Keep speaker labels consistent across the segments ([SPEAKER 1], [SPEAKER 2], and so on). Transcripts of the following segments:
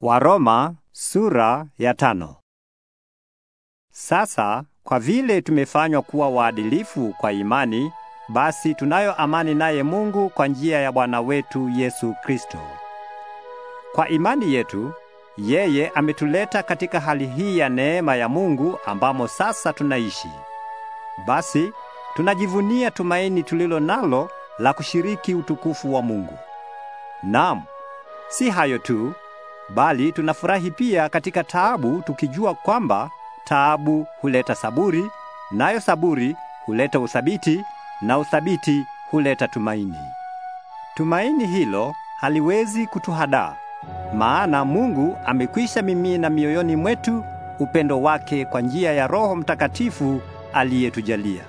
[SPEAKER 1] Waroma sura ya tano. Sasa kwa vile tumefanywa kuwa waadilifu kwa imani, basi tunayo amani naye Mungu kwa njia ya Bwana wetu Yesu Kristo. Kwa imani yetu yeye ametuleta katika hali hii ya neema ya Mungu ambamo sasa tunaishi. Basi tunajivunia tumaini tulilo nalo la kushiriki utukufu wa Mungu. Naam, si hayo tu bali tunafurahi pia katika taabu, tukijua kwamba taabu huleta saburi, nayo saburi huleta uthabiti, na uthabiti huleta tumaini. Tumaini hilo haliwezi kutuhadaa, maana Mungu amekwisha mimina mioyoni mwetu upendo wake kwa njia ya Roho Mtakatifu aliyetujalia.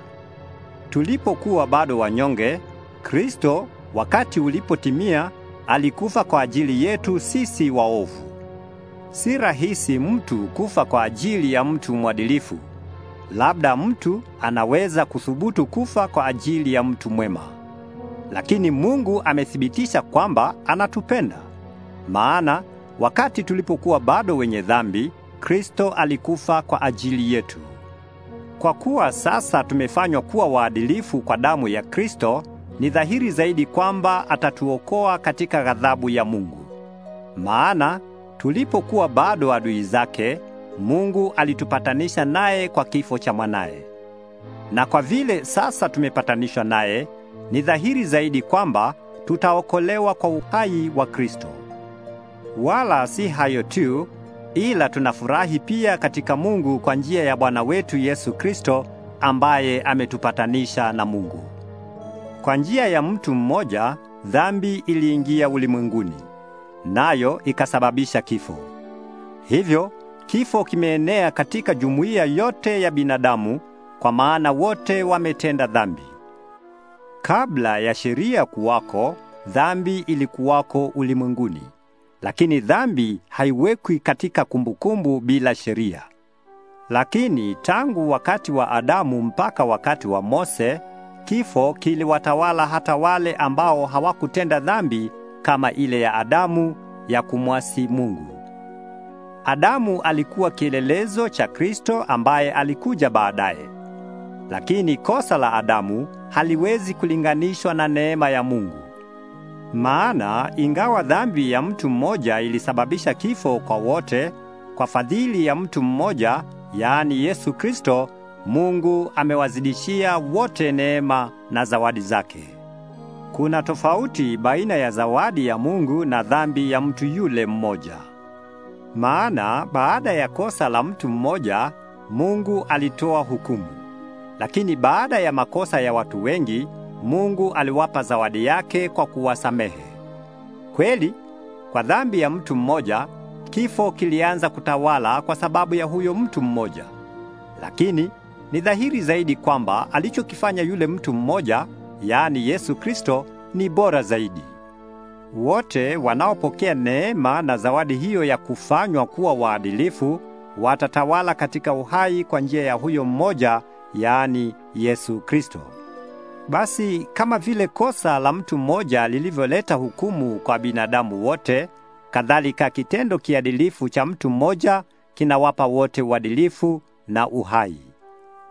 [SPEAKER 1] Tulipokuwa bado wanyonge, Kristo wakati ulipotimia alikufa kwa ajili yetu sisi waovu. Si rahisi mtu kufa kwa ajili ya mtu mwadilifu. Labda mtu anaweza kuthubutu kufa kwa ajili ya mtu mwema. Lakini Mungu amethibitisha kwamba anatupenda. Maana wakati tulipokuwa bado wenye dhambi, Kristo alikufa kwa ajili yetu. Kwa kuwa sasa tumefanywa kuwa waadilifu kwa damu ya Kristo, ni dhahiri zaidi kwamba atatuokoa katika ghadhabu ya Mungu. Maana tulipokuwa bado adui zake, Mungu alitupatanisha naye kwa kifo cha mwanaye. Na kwa vile sasa tumepatanishwa naye, ni dhahiri zaidi kwamba tutaokolewa kwa uhai wa Kristo. Wala si hayo tu, ila tunafurahi pia katika Mungu kwa njia ya Bwana wetu Yesu Kristo ambaye ametupatanisha na Mungu. Kwa njia ya mtu mmoja dhambi iliingia ulimwenguni, nayo ikasababisha kifo. Hivyo kifo kimeenea katika jumuiya yote ya binadamu, kwa maana wote wametenda dhambi. Kabla ya sheria kuwako, dhambi ilikuwako ulimwenguni, lakini dhambi haiwekwi katika kumbukumbu bila sheria. Lakini tangu wakati wa Adamu mpaka wakati wa Mose Kifo kiliwatawala hata wale ambao hawakutenda dhambi kama ile ya Adamu ya kumwasi Mungu. Adamu alikuwa kielelezo cha Kristo ambaye alikuja baadaye. Lakini kosa la Adamu haliwezi kulinganishwa na neema ya Mungu. Maana ingawa dhambi ya mtu mmoja ilisababisha kifo kwa wote, kwa fadhili ya mtu mmoja, yaani Yesu Kristo, Mungu amewazidishia wote neema na zawadi zake. Kuna tofauti baina ya zawadi ya Mungu na dhambi ya mtu yule mmoja. Maana baada ya kosa la mtu mmoja, Mungu alitoa hukumu. Lakini baada ya makosa ya watu wengi, Mungu aliwapa zawadi yake kwa kuwasamehe. Kweli, kwa dhambi ya mtu mmoja, kifo kilianza kutawala kwa sababu ya huyo mtu mmoja. Lakini ni dhahiri zaidi kwamba alichokifanya yule mtu mmoja, yaani Yesu Kristo, ni bora zaidi. Wote wanaopokea neema na zawadi hiyo ya kufanywa kuwa waadilifu watatawala katika uhai kwa njia ya huyo mmoja, yaani Yesu Kristo. Basi kama vile kosa la mtu mmoja lilivyoleta hukumu kwa binadamu wote, kadhalika kitendo kiadilifu cha mtu mmoja kinawapa wote uadilifu na uhai.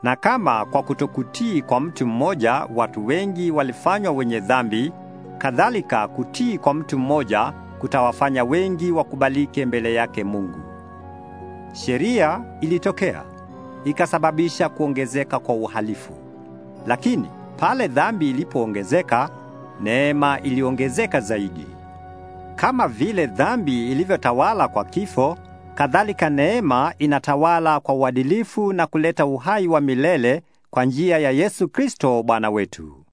[SPEAKER 1] Na kama kwa kutokutii kwa mtu mmoja watu wengi walifanywa wenye dhambi, kadhalika kutii kwa mtu mmoja kutawafanya wengi wakubalike mbele yake Mungu. Sheria ilitokea ikasababisha kuongezeka kwa uhalifu. Lakini pale dhambi ilipoongezeka, neema iliongezeka zaidi. Kama vile dhambi ilivyotawala kwa kifo, Kadhalika neema inatawala kwa uadilifu na kuleta uhai wa milele kwa njia ya Yesu Kristo Bwana wetu.